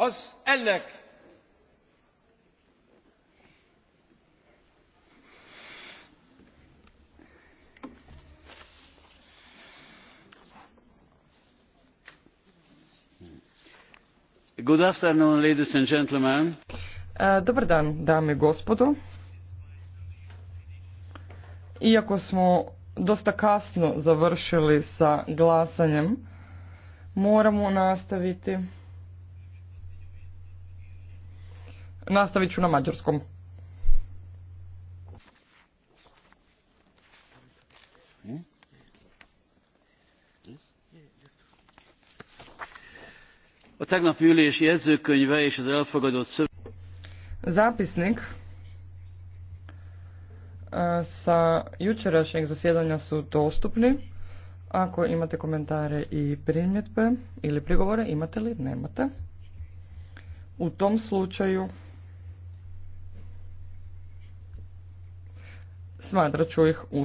Az ennek e, Dobar dan, dame i gospodo. Iako smo dosta kasno završili sa glasanjem, moramo nastaviti. Nastavit ću na mađarskom. jegyzőkönyve és az Zapisnik e, sa jučerašnjeg zasjedanja su dostupni. Ako imate komentare i primjetbe ili prigovore, imate li? Nemate. U tom slučaju smatrat ću ih